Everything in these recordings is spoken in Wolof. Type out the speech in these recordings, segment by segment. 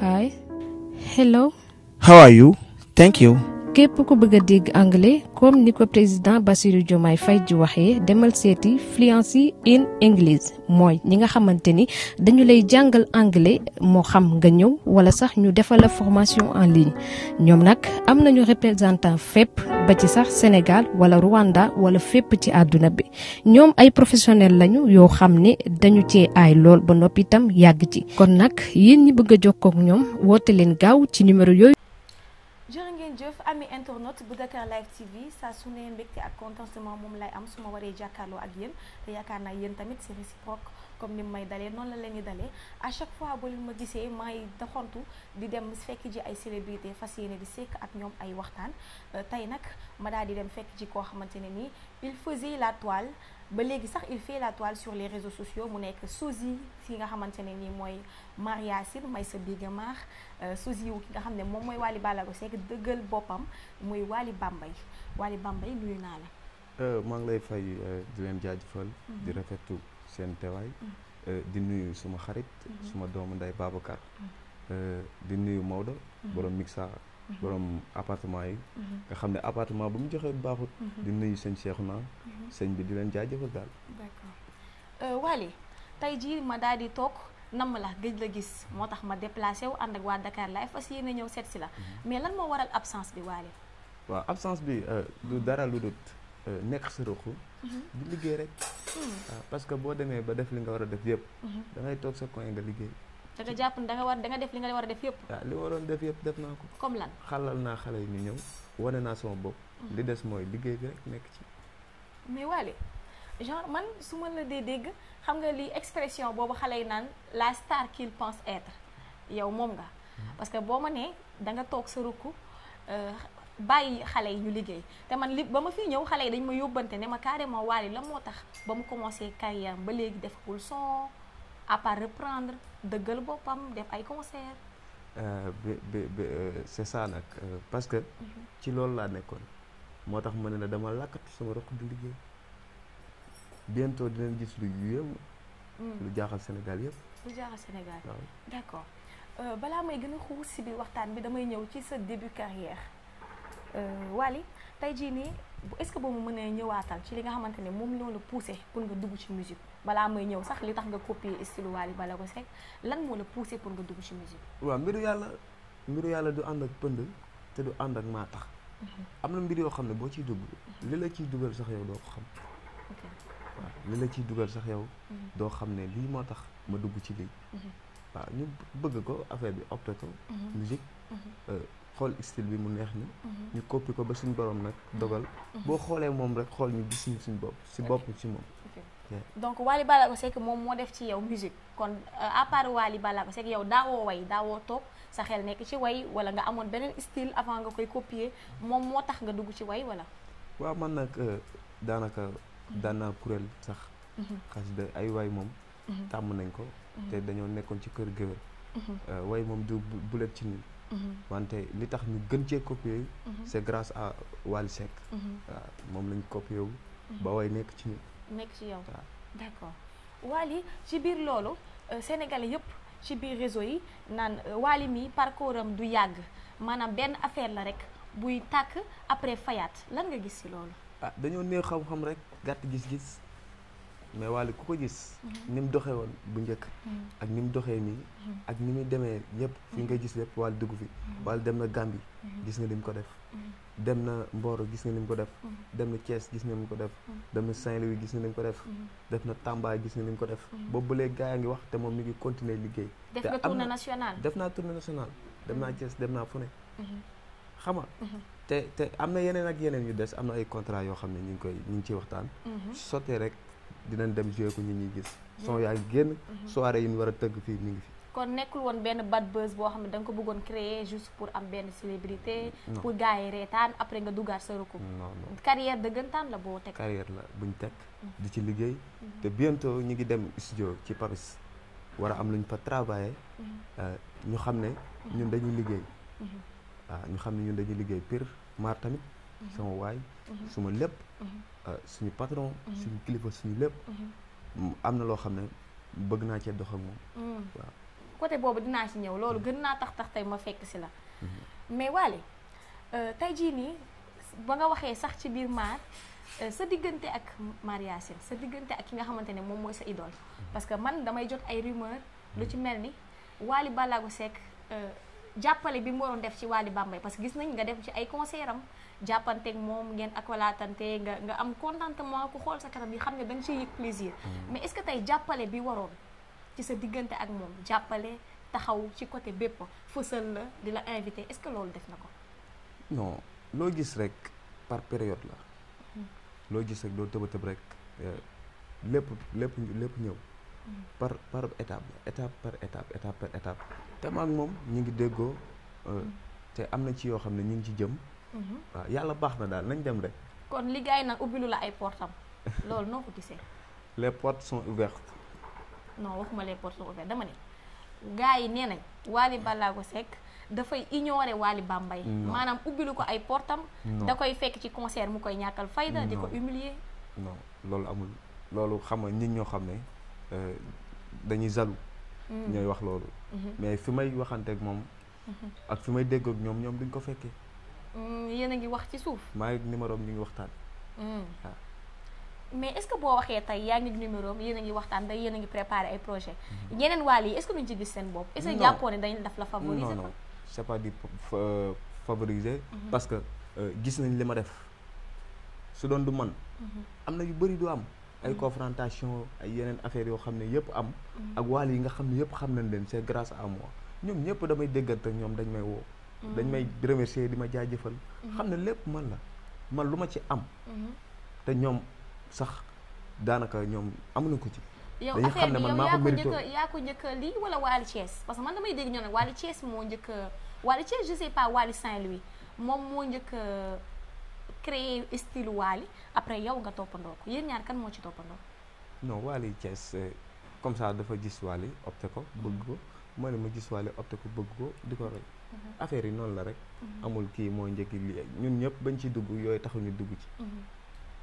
Hi. Hello. How are you? Thank you. képp ko bëgg a dégg anglais comme ni ko président Bassirou Diomaye fay ji waxee demal seeti fluency in English mooy ñi nga xamante ni dañu lay jàngal anglais moo xam nga ñëw wala sax ñu defal formation en ligne ñoom nag am nañu représentant fépp ba ci sax Sénégal wala Rwanda wala fépp ci àdduna bi ñoom ay professionnel lañu yoo xam ne dañu cee ay lool ba noppitam yàgg ci kon nag yéen ñi bëgg a jokkoo kook ñoom woote leen gaaw ci numéro yooyu. ngeen jëf ami internaute bu Dakar Live TV saa su ne mbégte ak contentement moom lay am su ma waree jàkkaarloo ak yéen te yaakaar naa yéen tamit c'est réciproque comme ni may dalee noonu la leen di dale à chaque fois ba leen ma gisee may doxantu di dem fekk ji ay célébrité fas yéene di sekk ak ñoom ay waxtaan euh, tey nag ma daal di dem fekk ji koo xamante ne nii il la toile ba léegi sax il la toile sur les réseaux sociaux mu nekk sosie si nga xamante ne nii mooy Maria Sin may sa biga maar euh, sosie ki nga xam ne moom mooy Wally Ballago Seck dëggal boppam muy Wally Bambay Wally Bambay nuyu naa la euh, maa ngi lay fay di leen jaajëfal mhm. di rafetlu seen teewaay mm. euh, di nuyu suma xarit mm-hmm. suma doomu nday Babacar mm. euh, di nuyu Maodo mm-hmm. borom Mixa mm-hmm. borom appartement yi nga xam ne appartement bu mu joxee baaxut di nuyu sëñ Cheikhouna sëñ bi di leen jaajëfal daal d'accord euh, Waly tey jii ma daal di toog namm la gëj la gis moo tax ma déplacé wu ànd ak waa Dakar laay fas yéene ñëw seet si la mais lan moo waral absence bi Waly waaw absence bi du dara lu dut Euh, nekk sa ruq mhm. di liggéey rek mhm. ah, parce que boo demee ba def li nga war a def yëpp mhm. da ngay toog sa coin nga liggéey da jàpp ne da nga war da nga def li nga war a def yëpp waaw ah, li waroon def yëpp def naa ko comme lan xalal naa xale yi ñu ñëw wane naa sama bopp li des mooy liggéey bi rek nekk ci mais Wally genre man su man la dee dégg xam nga li expression boobu xale yi naan la star qu'il pense être yow moom nga parce que boo ma ne da nga toog sa rukk euh, bàyyi xale yi ñu liggéey te man li ba ma fi ñëw xale yi dañ ma yóbbante ne ma carrément Wally la moo tax ba mu commencé carrière ba léegi defagul son à part reprendre dëggal boppam def ay concert bi bi bi c'est nag euh, parce que mhm. ci loolu laa nekkoon moo tax ma ne la dama làkkatu sama roq di liggéey bientôt dinañ gis lu yéem mm. lu jaaxal Sénégal yëpp lu jaaxal Sénégal d'accord euh, balaa may gën a xuus si bi waxtaan bi damay ñëw ci sa début carrière Euh, Wally tey jii nii est-ce que boo mu mënee ñëwaatal ci li nga xamante ne moom loolu poussé pour nga dugg ci musique balaa may ñëw sax li tax nga copier style Wally ko Seck lan moo la poussé pour nga dugg ci musique waaw mbiru yàlla mbiru yàlla du ànd ak pënd te du ànd ak maa tax mhm. am na mbir yoo xam ne boo ciy dugg li la ciy dugal sax yow doo ko xam ciy dugal sax yow mhm. doo xam ne lii moo tax ma dugg ci lii mhm. waaw ñu bëgg ko affaire bi opté ko musique euh, xool style bi mu neex ni mhm. ñu coppi ko ba suñ borom nag mhm. dogal mhm. boo xoolee moom rek xool ñu gis suñ bopp si bopp si moom donc Wally Ballago Seck moom moo def ci yow musique kon euh, à part Wally Ballago Seck yow daawoo way daawoo toog sa xel nekk ci way wala nga amoon beneen style avant nga koy copier moom moo tax nga dugg ci way wala waaw man nag euh, daanaka daan naa kuréel sax xasida ay way moom tàmm nañ ko te dañoo nekkoon ci kër géwél euh, way moom du bulet ci nit Mm-hmm. wante li tax ñu gën cee copié wu. Mm-hmm. c' est grâce à Wally Seck. Mm-hmm. moom lañ copié wu. ba way nekk ci ñun. nekk ci yow d' accord Wally ci biir loolu euh, Sénégalais yëpp ci biir réseau yi naan euh, Wally mi parcours am du yàgg maanaam benn affaire la rek buy tàkk après fayaat lan nga gis ci loolu. ah dañoo néew xam-xam rek gàtt gis-gis. mais Wally ku ko gis. Mhm. ni mu doxee woon bu njëkk. Mhm. ak ni mu doxee nii. Mhm. ak ni muy demee yëpp fi nga gis lépp Wally dugg fi. Wally dem na Gambie. gis nga ni ko def. dem na Mboro gis nga ni ko def. dem na cees gis nga ni ko def. dem na saint gis nga ni ko def. def na Tamba gis nga ni ko def. boobu ba léegi gars yaa ngi wax te moom mi ngi continuer liggéey. def nga tournée nationale def naa tournée nationale. dem naa Thiès dem naa fu ne. xam nga te te am na yeneen ak yeneen yu des am na ay contrat yoo xam ne ñu ngi koy ñu ngi ciy waxtaan. sottee rek. dinañ dem jouer ko ñu ñuy gis. son yaa génn. Mm-hmm. soirée yi ñu war a tëgg fii mu ngi fi. kon nekkul woon benn bat buzz boo xam ne da ko bëggoon créer juste pour am benn célébrité. pour gars yi reetaan après nga duggaat sa recours. non non carrière dëggantaan la boo teg. carrière la buñ teg. Mm-hmm. di ci liggéey. Mm-hmm. te biento ñu ngi dem studio ci Paris. war a am lu ñu fa travailler. Euh, ñu xam ne ñun dañuy liggéey. waaw ah, ñu xam ne ñun dañuy liggéey pire maar tamit. sama waay suma lépp. Euh, suñu patron. Mhm. suñu kilifa suñu lépp. Mhm. Mm, am na loo xam ne bëgg naa cee dox ak moom. Mm. waaw côté boobu dinaa ci ñëw loolu mm. gën naa tax tax tey ma fekk si la. Mm-hmm. mais Wally euh, tey jii nii ba nga waxee sax ci biir maar euh, sa diggante ak Mar Yacine sa diggante ak ki nga xamante ne moom mooy sa idole. Mm-hmm. parce que man damay jot ay rumeur lu ci mm-hmm. mel ni Wally Ballago Seck jàppale bi mu waroon def ci Wally Bambey parce que gis nañ nga def ci ay concert jàppanteek moom ngeen akolaatante nga nga am contentement ku xool sa kanam yi xam ne da nga ciy yëg plaisir. Hmm. mais est-ce tey jàppale bi waroon ci sa diggante ak moom jàppale taxaw ci côté bépp fësal la di la invité est-ce que loolu def na ko. non loo gis rek par période la. Hmm. loo gis rek doo tëb a tëb rek euh, lépp lépp ñëw. Hmm. par par étape la étape par étape étape par étape. te ak moom ñu ngi déggoo. Euh, te am na ci yoo xam ne ñu ngi ci jëm. Mhm. waaw yàlla baax na daal nañ dem rek. kon li gars yi nag ubbilu la ay portam loolu noo ko gisee. les portes sont ouvertes. non waxuma les portes sont ouvertes dama ne gars yi nee nañ Wally ko Seck dafay ignorer Wally Bambaye. maanaam ubbilu ko ay portam da koy fekk ci concert mu koy ñàkkal fayda di ko humilier. non loolu amul loolu xam nga nit ñoo xam ne euh, dañuy jaloux. Mm. ñooy wax loolu. Mhm. mais fi may waxanteeg moom. Mhm. ak fi may déggoog ñoom ñoom duñ ko fekkee. Mm, yéen a ngi wax ci suuf. maa ngi numéro waxtaan. Mm. mais est-ce que boo waxee tey yaa ngi numéro am yéen a ngi waxtaan ba yéen ngi préparé ay projet ñeneen mm-hmm. wàll yi est-ce que duñ ci gis seen bopp. est-ce que jàppoo ne dañ daf la favoriser. non non c'est pas di favoriser. Mm-hmm. parce que euh, gis nañ li ma def su doon du man mm-hmm. am na yu bëri du am. ay confrontation ay yeneen affaires yoo xam ne yëpp am. ak wàll yi nga xam ne yëpp xam nañ leen c'est grâce à moi ñoom ñëpp damay déggante ñoom dañ may woo. dañ may mm-hmm. remercier di ma jëfal mm-hmm. xam ne lépp man la man lu ma ci am. Mm-hmm. te ñoom sax daanaka ñoom amuñu ko ci. dañu xam ne man maa ko mérité yow yaa ko njëkk lii wala Wally Thiès parce que man damay dégg ñoo ne Wally Thiès moo njëkk a Wally Thiès je sais moom moo njëkk a créé style Wally après yow nga toppandoo ko yéen ñaar kan moo ci toppandoo. non Wally Thiès euh, comme ça dafa gis Wally opté ko bëgg ko. moo ne ma gis waale opté ko bëgg ko di ko rek mhm. affaire yi noonu la rek mhm. amul kii moo njëkk li ñun ñëpp bañ ci dugg yooyu taxuñu dugg ci mhm.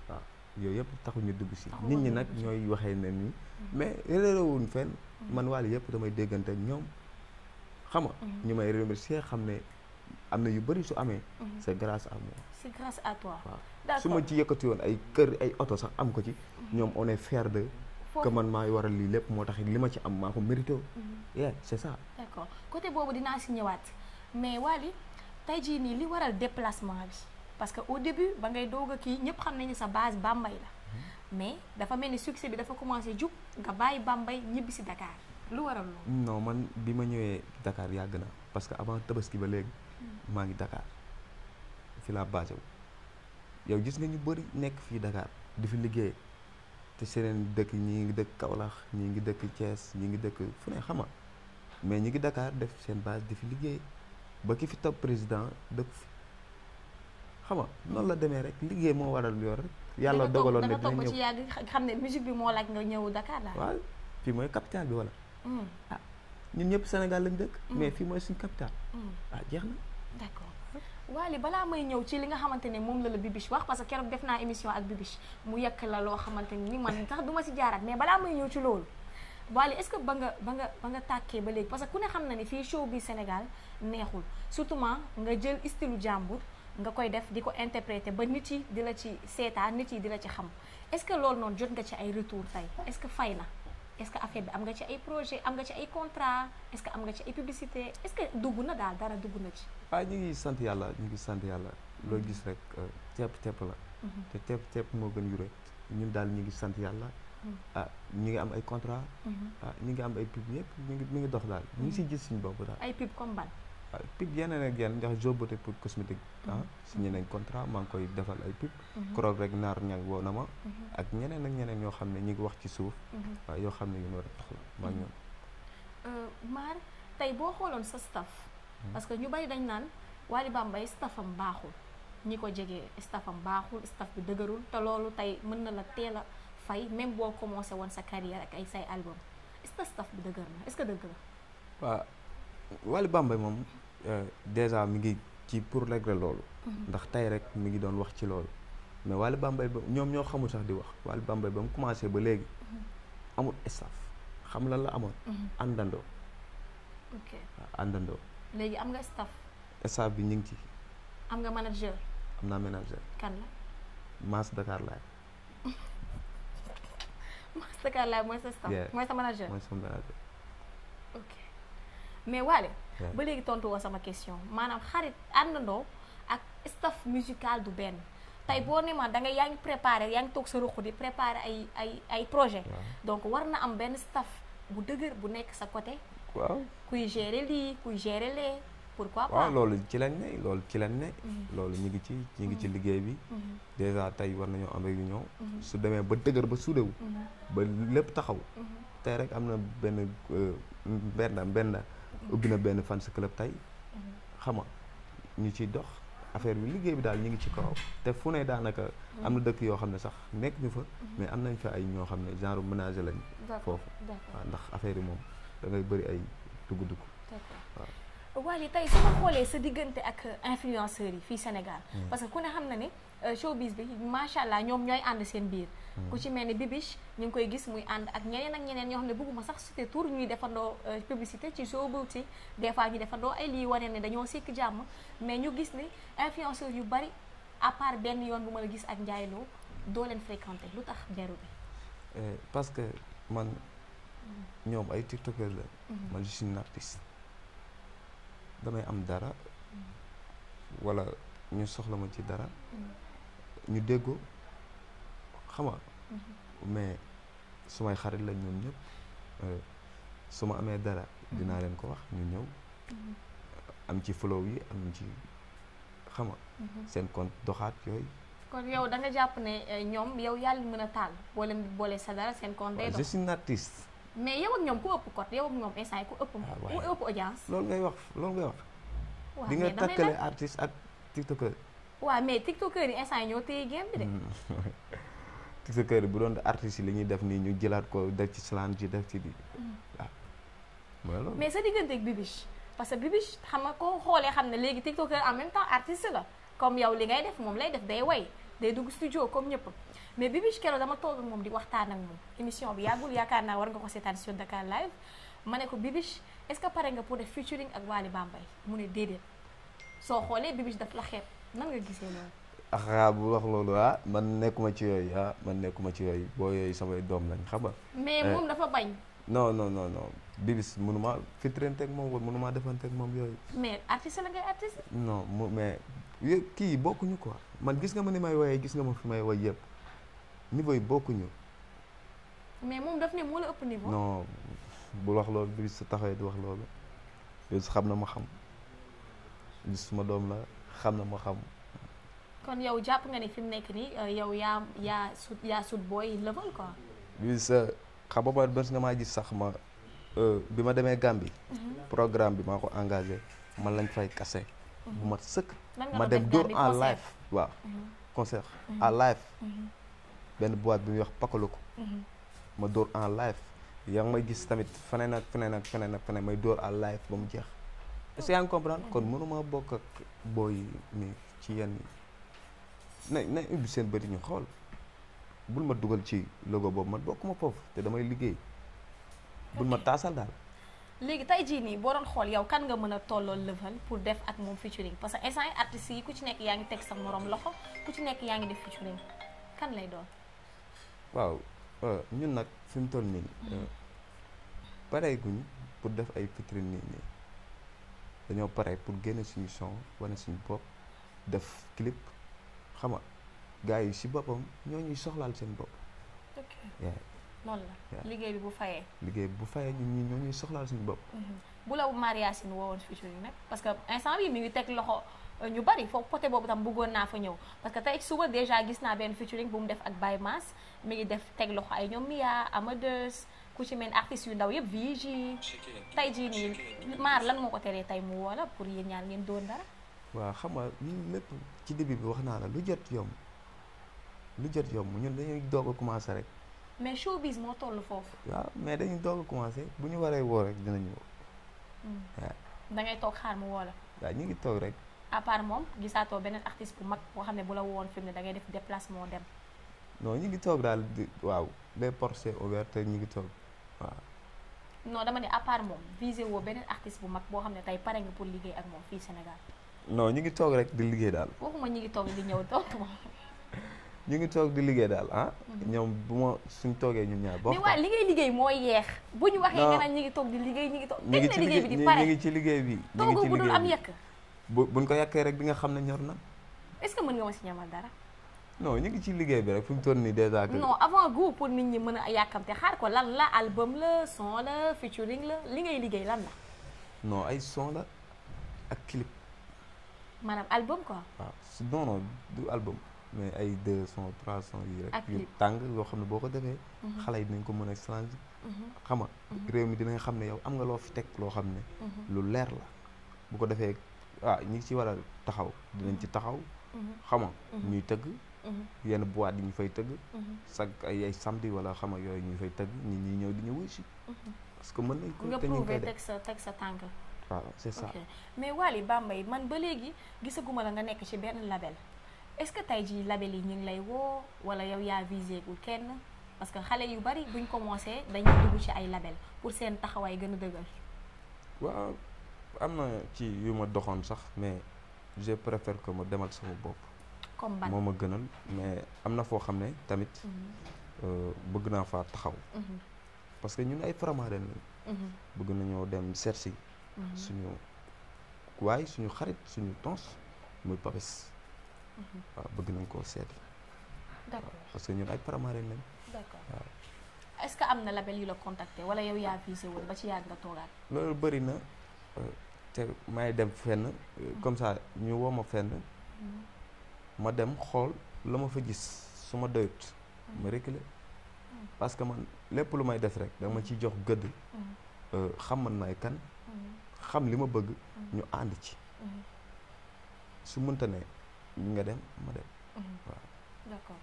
waaw yooyu yëpp taxuñu dugg si nit ñi nag ñooy waxee ne nii mais réeréwuñ fen man waale yëpp damay déggante ak ñoom xam nga ñu may remercier xam ne am na yu bëri su amee c' est grâce à à toi waaw su ma ci yëkkati woon ay kër ay oto sax am ko ci ñoom on est que man maay waral lii lépp moo tax li ma ci am maa ko mérité mm-hmm. yeah c'est ça d'accord côté boobu dinaa si ñëwaat mais Wally tey jii nii li waral déplacement bi parce que au début ba ngay doog a kii ñëpp xam nañu sa base Bambey la mm-hmm. mais dafa mel ni succès bi dafa commencé jub nga bàyyi bàmbay ñibbi si Dakar lu waral loolu non man bi ma ñëwee dakaar yàgg na parce que avant tabaski ba léegi mm. maa ngi Dakar fi laa basé wu yow gis nga ñu bëri nekk fii Dakar di te seen dëkk ñii ngi dëkk Kaolack ñii ngi dëkk cees ñii ngi dëkk fu ne xama mais ñi ngi dakaar def seen base di fi liggéey ba ki fi topp président dëkk fi xama noonu la demee rek liggéey moo lu yor rek. yàlla dogaloon ne dina ñëw xam ne musique bi moo laaj nga ñëw Dakar la. waaw fii mooy capital bi wala. Hmm. ah ñun ñëpp senegal lañ dëkk. Hmm. mais fii mooy suñu capital. Hmm. ah jeex na. Wally balaa may ñëw ci li nga xamante ne moom la la Bibiche wax parce que keroog def naa émission ak Bibiche mu yekk la loo xamante ni man tax du ma si jaaraat mais balaa may ñëw ci loolu Wally est-ce que ba nga ba nga ba nga tàkkee ba léegi parce que ku ne xam na ni fii show bi Sénégal neexul surtout ma nga jël stylu jàmbur nga koy def di ko interpréter ba nit yi di la ci seetaan nit yi di la ci xam est-ce que loolu noonu jot nga ci ay retour tey est-ce que fay na est-ce que affaire bi am nga ci ay projet am nga ci ay contrat est-ce que am nga ci ay publicité est-ce que dugg na daal dara dugg na ci. ah ñu ngi sant yàlla ñu ngi sant yàlla mhm. loo gis rek euh, tepp tepp la. Mhm. te tepp tepp moo gën yure ñun daal ñu ngi sant yàlla. Mhm. ah ñu ngi am ay contrat. ah ñu ngi am ay pub yëpp ñu ngi mi ngi dox daal mu ngi si gis suñu bopp daal. ay pub comme ban. waaw ah, pub yeneen ak yeneen ndax jo pour cosmétique ah mhm. signé nañ contrat maa ngi koy defal ay pub mhm. koroog rek naar ñag woo na ma mhm. ak ñeneen ak ñeneen yoo xam ne ñi ngi wax ci suuf waaw yoo xam ne yoon ma rek tax la maar euh, tey boo xooloon sa staff parce que ñu bay dañ naan Wally Bambey staffam baaxul ñi ko jege staffam baaxul staff bi dëgërul te loolu tey mën na la teel a fay même boo commencé woon sa carrière ak ay say album est bi dëgër na est-ce dëgg la Wally Bambey moom euh, déjà mi ngi ci pour régler loolu. Mhm. ndax tey rek mi ngi doon wax ci loolu. mais Wally Bambey ba ñoom ñoo xamul sax di wax Wally Bambey ba mu commencé ba léegi. Mhm. amul staff xam la la amoon. Mhm. àndandoo. àndandoo. léegi am nga staff. staff bi ñu ngi ci. am nga manager. am naa manager. kan la. Mass Dakar laay. Mass Dakar laay mooy sa staff. mooy sa manager mooy sa manager. mais waale ba léegi tontu woo sama question maanaam xarit àndandoo ak staff musical du benn tey boo ne ma da nga yaa ngi préparé yaa ngi toog sa ruq di préparé ay ay ay projet donc war na am benn staff bu dëgër bu nekk sa côté waaw kuy gérer lii kuy gérer lee pourquoi pas waaw loolu ci la ne loolu ci lañ ne mhm. ñu ngi ci ñu ngi ci mhm. liggéey bi mhm. déjà tey war nañoo am ñëw su demee ba dëgër ba suudewu ba lépp taxaw tey rek am na benn euh, benn benn ubbi na benn fans club tey mhm. xam nga ñu ciy dox affaire bi liggéey bi daal ñu ngi ci kaw te fu ne daanaka mhm. am na dëkk yoo xam ne sax nekk ñu fa mhm. mais am nañ fa ay ñoo xam ne genre ménager lañ foofu waaw ndax affaire yi moom da ngay bëri ay dugg ko waaw Wally tey su ma xoolee sa diggante ak influenceurs yi fii Sénégal. Hmm. parce que ku ne xam na ni euh, showbiz bi macha allah ñoom ñooy ànd seen biir. Hmm. ku ci mel ni Bibiche ñu ngi koy gis muy ànd ak ñeneen ak ñeneen ñoo xam ne bëgguma sax sute tour ñuy defandoo euh, publicité ci soo boutique des fois ñu defandoo ay lii wane ne dañoo sikk jàmm mais ñu gis ni influenceurs yu bari à part benn yoon bu ma la gis ak Ndiaye Lo doo leen fréquenté lu tax beru bi. Euh, parce que man hmm. ñoom damay am dara wala ñu soxla ma ci dara ñu déggoo xama mais su may xarit lañ ñoom ñëpp euh, su ma amee dara dinaa leen ko wax ñu ñëw am ci flow yi am ci xama seen compte doxaat yooyu kon yow da nga jàpp ne euh, ñoom yow yàlla mën a taal boo leen boolee sa dara seen compte day dox mais yow ak ñoom ku ëpp kot yow ak ñoom instant ku ëpp. ku ëpp audience. loolu ngay wax loolu ngay wax. di nga takkale artiste ak tiktokeur. waaw mais tiktokeur yi instant ñoo téye game bi de. tiktokeur yi bu doon artiste yi li ñuy def nii ñu jëlaat ko def ci challenge yi def ci di mm. waaw mooy loolu. mais sa diggante ak Bibiche parce que Bibiche xam nga koo xoolee xam ne léegi tiktokeur en même temps artiste la comme yow li ngay def moom lay def day woy day dugg studio comme ñëpp. mais Bibiche Kero dama toog moom di waxtaan ak moom émission bi yàggul yaakaar naa war nga ko seetaan sur Dakar live ma ne ko bibis est-ce que pare nga pour def featuring ak Wally Bambay mu ne déedéet soo xoolee Bibiche daf la xeeb nan nga gisee loolu. ah bu wax loolu ah man nekkuma ci yooyu ah man nekkuma ci yooyu boo yooyu samay doom lañ xam nga. mais eh. moom dafa bañ. non non non non Bibis mënuma fitrenteeg moom wala mënuma defanteeg moom yooyu. mais artiste la ngay artiste. non mais kii bokkuñu ko man gis nga ma ni may woyee gis nga ma fi may woy yëpp. niveau yi bokkuñu. mais moom daf ne moo la ëpp niveau. non bul wax loolu bi sa taxawee di wax loolu Youssou xam na ma xam Youssou suma doom la xam na ma yow jàpp nga ni fi mu nekk nii euh, yow yaa yaa sut yaa sut booy level quoi. Youssou euh, xam maa gis sax ma euh, bi ma demee Gambie. Mhm. programme bi maa ko engagé man lañ fay kase. Mhm. bu ma sëkk. ma dem dóor mhm. en live waaw concert en live. benn boîte bi muy wax ko mhm. ma door en live yaa ngi may gis tamit feneen ak feneen ak feneen ak feneen may dóor en live ba mu jeex. est-ce que yaa ngi comprendre kon mënuma bokk ak booy mi ci yenn na na ubbi seen bëri ñu xool bul ma dugal ci logo boobu man ma foofu te damay liggéey bul ma taasal daal. léegi tey jii nii boo doon xool yow kan nga mën a tollool level pour def ak moom featuring parce que instant yi artistes yi ku ci nekk yaa ngi teg sa morom loxo ku kan lay doon. waaw euh, ñun nag fi toll nii. Mm. Euh, pareeguñ pour def ay vitrine nii nii dañoo pare pour génne suñu son wane suñu bopp def clip xam nga gars yi si boppam ñoo ñuy soxlaal seen bopp. ok loolu la liggéey bi bu fayee. liggéey bi bu fayee ñu ñii ñoo ñuy soxlaal suñu bopp. Mm-hmm. bu la Maria Sine woowoon featuring nag parce que instant yi mi ngi teg loxo. ñu bari foofu côté boobu tam bëggoon naa fa ñëw parce que tey suba déjà gis naa benn featuring bu mu def ak Baye Mass mi ngi def teg loxo ay ñoom Mia Amadeus ku ci mel artistes yu ndaw yëpp Vigy tey jii nii maar lan moo ko teree tey mu woo pour yéen ñaar ngeen doon dara. waaw xam nga ñun lépp ci début bi wax naa la lu jot yomb lu jot yomb ñu dañuy doog a commencé rek. mais showbiz moo toll foofu. waaw mais dañuy doog a commencé bu ñu waree woo rek dinañu woo. Hmm. waaw toog xaar mu woo la. ñu ngi toog rek. à part moom gisaatoo beneen artiste bu mag boo xam ne bu la woon fi mu ne da ngay def déplacement dem. non ñu ngi toog daal di waaw les portes sont ouvertes ñu ngi toog waaw. non dama ne moom visé woo beneen artiste bu mag boo xam ne pare nga pour liggéey ak moom fii Sénégal. non ñu ngi toog rek di liggéey daal. waxuma ñu ngi toog di ñëw tontu ma. ñu ngi toog di liggéey daal ah. Mhm. ñoom bu ma suñ toogee ñun ñaar. boo mais waaw li ngay liggéey mooy yeex. bu ñu waxee nga naan ñu ngi toog di liggéey ñu ngi toog. ñu ngi ci liggéey bi di pare ñu ngi ci liggéey bi. ñu ngi ci liggéey bi toogoo bu dul am yekk. bu buñ ko yàkkee rek di nga xam ne ñor na. est-ce que mën nga ma si ñamal dara. non ñu ngi ci liggéey bi rek fu mu toll nii déjà. non avant goût pour nit ñi mën a yàkkamte xaar ko lan la album la son la featuring la li ngay liggéey lan la. non ay son la ak clip. maanaam album quoi. waaw ah, non non du album. mais ay deux son trois sons yi rek. ak tàng loo xam ne boo ko defee. Mhm. xale yi dinañ ko mën a changer. Mhm. xam nga mhm. réew mi dinañ xam ne yow am nga loo fi teg loo xam ne. lu leer la bu ko defee. ah ñi ci war a taxaw dinañ ci taxaw mhm. xama mhm. ñuy tëgg mhm. yenn boîte yi ñu fay tëgg chaque ay ay samedi wala xama yooyu ñu fay tëgg nit ñi ñëw di ñu wuy si parce que mën nañ ko nga prouvé teg sa teg sa tànk voilà c'est ça mais Wally yi man ba léegi gisaguma la nga nekk ci benn label est-ce que tey jii label yi ñu ngi lay woo wala yow yaa visé gul kenn parce que xale yu bari buñ commencé dañuy dugg ci ay label pour seen taxaw ay gën a dëgër waaw am na ci yu ma doxoon sax mais je préfère que ma demal sama bopp. comme ban moo gënal mais am na foo xam ne tamit. Mhm. Euh, bëgg naa faa taxaw. Mhm. parce que ñun ay faramaaren lañ. Mhm. bëgg nañoo dem seet si suñu waay suñu xarit suñu tons muy Papis. bëgg nañ koo seeti. d'accord parce ñun ay faramaaren lañ. waaw. est-ce que am na label yu la contacter wala yow yaa visé ba ci yàgg nga toogaat. loolu bëri te may dem fenn comme ça ñu woo ma fenn ma dem xool la ma fa gis su ma doyut ma reculer parce que man lépp lu may def rek dama ciy jox gëdd euh, xam man may kan xam li ma bëgg ñu ànd ci su mënta ne nga dem ma dem waaw d'accord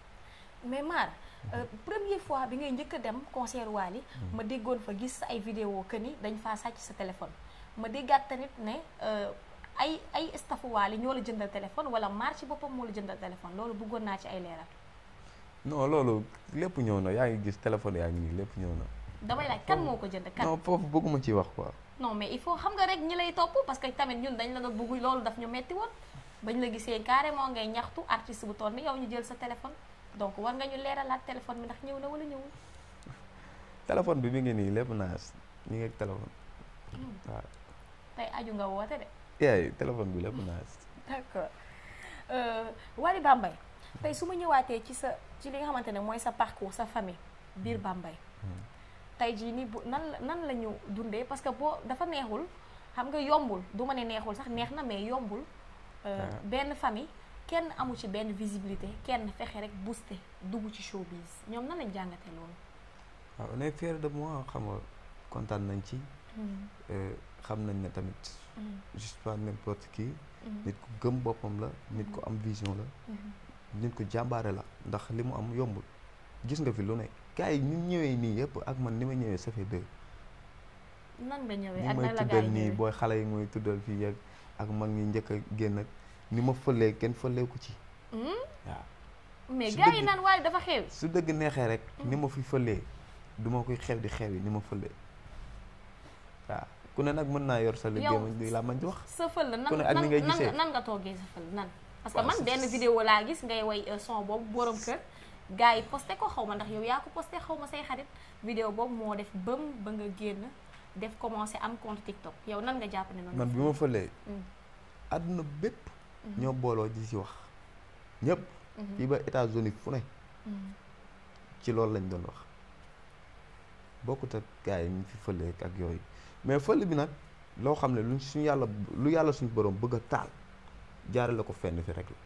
mais Mar euh, première fois bi ngay njëkk a dem concert Wally hmm. ma déggoon fa gis ay vidéo que ni dañ faa sàcc sa téléphone ma déggaat tamit ne euh, ay ay staff Wally ñoo la jëndal téléphone wala marché boppam moo la jëndal téléphone loolu bëggoon naa ci ay leeral. non loolu lépp ñëw na yaa ngi gis téléphone yaa ngi nii lépp ñëw na. damay kan moo ko jënd kan. non bëgguma ci wax quoi. non mais il faut xam nga rek ñi lay topp parce que tamit ñun dañ la doon loolu daf ñu metti woon bañ la gisee carrément ngay ñaxtu artiste bu toll ni yow ñu jël sa téléphone donc war nga ñu leeralaat téléphone bi ndax ñëw na wala ñëwul. téléphone bi mi ngi nii lépp naa ñu ngi ak tey aju nga woote de. yaay téléphone bi lépp naa. d'accord Wally Bambey tey su ma ñëwaatee ci sa ci li nga xamante ne mooy sa parcours sa famille biir Bambey. tey jii nii bu nan la nan dundee parce que boo dafa neexul xam nga yombul du ma ne neexul sax neex na mais yombul. benn famille kenn amu ci benn visibilité kenn fexe rek booster dugg ci showbiz ñoom nan lañ jàngatee loolu. waaw on est fier de moi kontaan nañ ci. xam nañ ne tamit mm-hmm. juste pas n'importe qui mm-hmm. nit ku gëm boppam la nit ku mm-hmm. am vision la nit ko jàmbaare la ndax li mu am yombul gis nga fi lu ne gars yi ñu ñëwee nii yépp ak man ni ma ñëwee ça fait nii booy xale yi mooy tuddal fii ak ak mag ñi njëkk a génn ak ni ma fëlee kenn fëlee ko ci waaw mais gars yi naan waaye dafa xeewi su dëgg neexee rek ni ma fi fëlee du ma koy xew di xew yi ni ma fëlee waaw ku ne nag mën naa yor sa liggéey di la man ci wax sa fël la ku ak ni ngay gisee nan nga toogee sa fël nan parce que man benn vidéo laa gis ngay way euh, son boobu borom kër gars yi posté ko xaw ma ndax yow yaa ko posté xaw ma say xarit vidéo boobu moo def bëm ba nga génn def commencé am compte TikTok yow nan nga jàpp ne noonu man bi ma fëlee mm. àdduna bépp mm-hmm. ñoo booloo ji si wax ñëpp mm-hmm. fii ba États-Unis fu ne mm-hmm. ci loolu lañ doon wax bokkut ak gars yi ñu fi fële ak yooyu mais fële bi nag loo xam ne lu suñ yàlla lu yàlla suñ boroom bëgg a taal jaarale ko fenn fi rek la.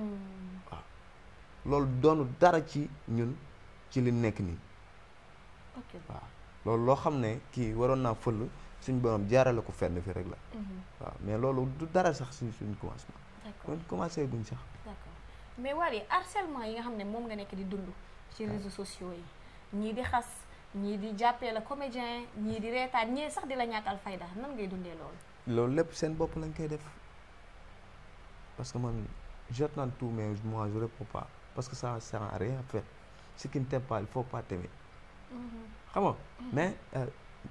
Mm. waaw loolu doonu dara ci ñun ci li nekk nii. waaw loolu loo xam ne kii waroon naa fël suñu borom jaarale ko fenn fi rek la. Mm-hmm. waaw mais loolu du dara sax suñ suñ commencement. kon commencé guñ sax. mais Wally harcèlement yi nga xam ne moom nga nekk di dund. ci réseaux sociaux yi ñii di xas. ñii di jàppee la comédien ñii di reetaan ñii sax di la ñàkkal fayda nan ngay dundee loolu. loolu lépp seen bopp lañ koy def parce que man j'attends tout mais moi je réponds pas parce que ça sert à rien faire ce qui ne t'aime pas il mm-hmm. mm-hmm. mais euh,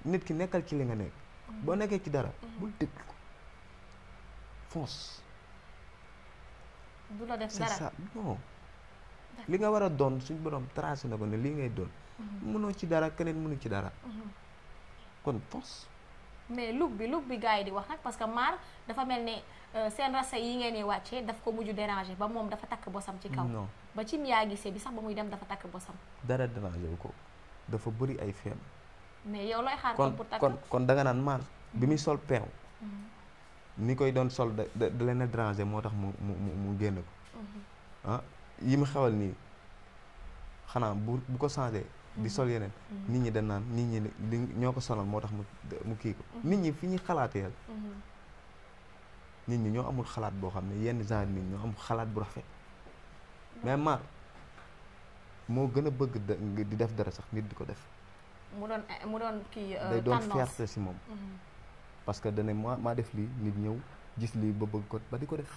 nit ki nekkal ci li nga nekk. Mm-hmm. boo nekkee ci dara. bul déglu ko fonce. du la def dara c'est li nga war a doon suñ borom tracé na ko ne lii ngay doon. mënoo mhm. ci dara keneen mënu ci dara. Mhm. kon force. mais look bi look bi gars yi di wax nag parce que maar dafa mel ni euh, seen rasta yi ngeen di wàccee daf ko mujj déranger ba moom dafa takk bosam ci kaw. non ba ci yaa gisee bi sax ba muy dem dafa takk bosam. dara déranger wu ko dafa bëri ay feem. mais yow looy xaar kon pour takk kon kon danga naan maar bi muy mhm. sol peew. ni koy doon sol da da leen a déranger moo tax mu mu mu génn ko. Ah. yi mu xewal nii xanaa bu bu ko changé di sol mm-hmm. yeneen mm-hmm. nit ñi dañ naan nit ñi li ñoo ko sonal moo tax mu mu kii ko mm-hmm. nit ñi fi ñuy yal nit ñi ñoo amul xalaat boo xam ne yenn genre nit ñoo amul xalaat bu rafet mais Mar moo gën a bëgg di def dara sax nit di ko def mu doon doon kii euh, day doon fierté si moom parce que dane maa maa def lii nit ñëw gis lii ba bëgg ko ba di ko def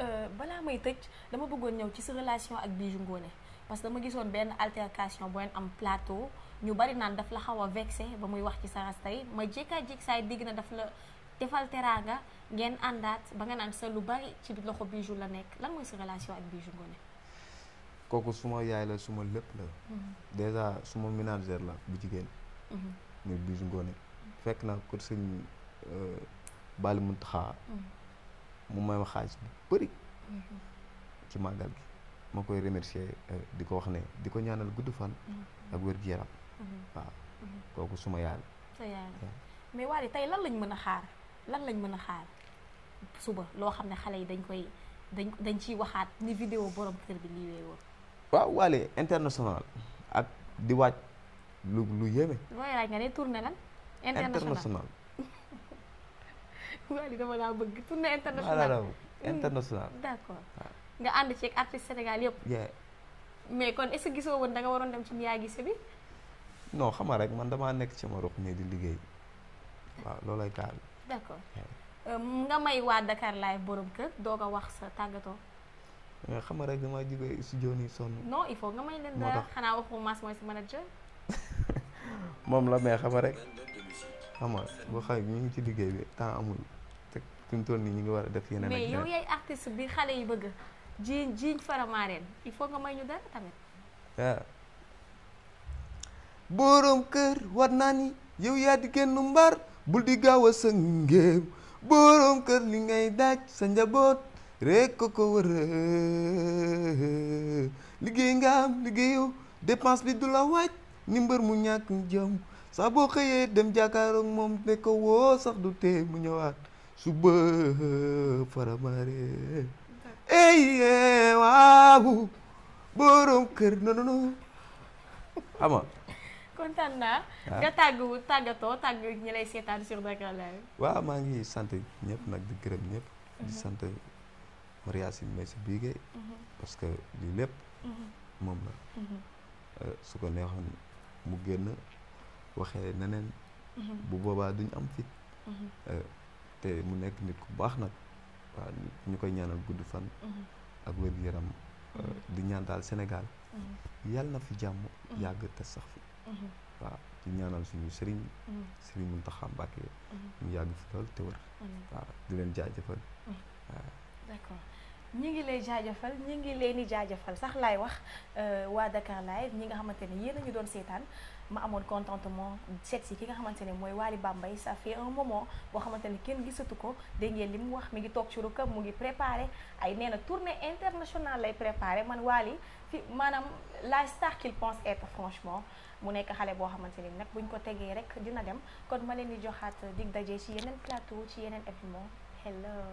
Euh, balaa may tëj dama bëggoon ñëw ci sa relation ak Bijou Ngoné parce que dama gisoon benn altercation boo am plateau ñu bari naan daf la xaw a vexé ba muy wax ci saras tey ma jékka-jékk saay digg na daf la defal teraanga ngeen àndaat ba nga naan sa lu bari ci loxo Bijou la nekk lan mooy sa relation ak Bijou Ngoné kooku suma yaay la suma lépp la mhm. déjà suma ménagère la bu jigéen mhm. muy Bijou Ngoné fekk na kër sëñ euh, Bali Muntaxa mhm. mu may ma xaalis bu bëri mhm. ci màggal gi ma koy remercier euh, di ko wax ne di ko ñaanal gudd fan mhm. ak wér-gu-yaram mhm. waaw kooku suma yaay sa yaay tey lan lañ mën a xaar lan lañ mën a xaar suba loo xam ne xale yi dañ koy dañ dañ ciy waxaat ni vidéo borom kër bi lii wee woon waaw Wally international ak di waaj lu lu yéeme looy laaj nga ne tourné lan international Wally dama laa bëgg tournée international ah, hmm. international d'accord ah. nga ànd ci ak artiste Sénégal yëpp mais kon est-ce que gisoo woon da waroon dem ci Mia Guissé bi non xam rek man damaa nekk ci ma rox nii di liggéey waaw loolay kaal d'accord euh, nga may waa Dakar laay borom kër doog a wax sa tàggatoo nga xam nga rek damaa jógee studio nii sonn non il faut nga may leen dara xanaa waxu Mass mooy sa manager moom la mais xam rek xam nga boo xam ñu ngi ci liggéey bi temps amul fi nii ñu ngi war a def yeneen mais yow yaay artiste bi xale yi bëgg jiiñ jiiñ faramaareen il faut nga may ñu dara tamit waaw ah. kër war naa ni yow yaa di génn mbar bul di gaaw a sa ngéem kër li ngay daaj sa njaboot rek ko ko wër liggéey nga am liggéeyu dépense bi du la waaj ni mbër mu ñàkk jëm sax boo xëyee dem jàkkaarook moom ne ko woo sax du tee mu ñëwaat suba faramare ey eh, waaw borom kër noonu xam nga kontaan naa ah. nga tàggu tàggatoo tàgg ñi lay seetaan sur Dakar waaw maa ngi sant ñëpp nag di gërëm ñëpp di mhm. sant Maria Sy Messi Bigué mhm. parce que lii lépp mhm. moom la euh, su ko neexoon mu génn waxee neneen bu boobaa duñ am fit euh, te mu nekk nit ku baax nag waaw ñu koy ñaanal gudd fan mhm. ak wér yaram euh, mhm. di ñaan daal Sénégal mhm. yàlla na fi jàmm yàgg te sax fi waaw di ñaanal suñu sëriñ sëriñ Mountakha Mbacké ñu yàgg fi lool te wër waaw di leen jaajëfal waaw ngi lay jaajëfal ñu ngi leen di jaajëfal sax laay wax euh, waa Dakar Live ñi nga xamante ne yéen a ñu doon seetaan ma amoon contentement seet si ki nga xamante ne mooy Waly Bambay ça fait un moment boo xamante ni kenn gisatu ko dégg ngeen li mu wax mi ngi toog ci rukam mu ngi préparé ay nee na tournée internationale lay préparé man Waly fi maanaam la star qu'il pense être franchement mu nekk xale boo xamante ni nag buñ ko tegee rek dina dem kon ma leen di joxaat dig dajee ci yeneen plateau ci yeneen événement hello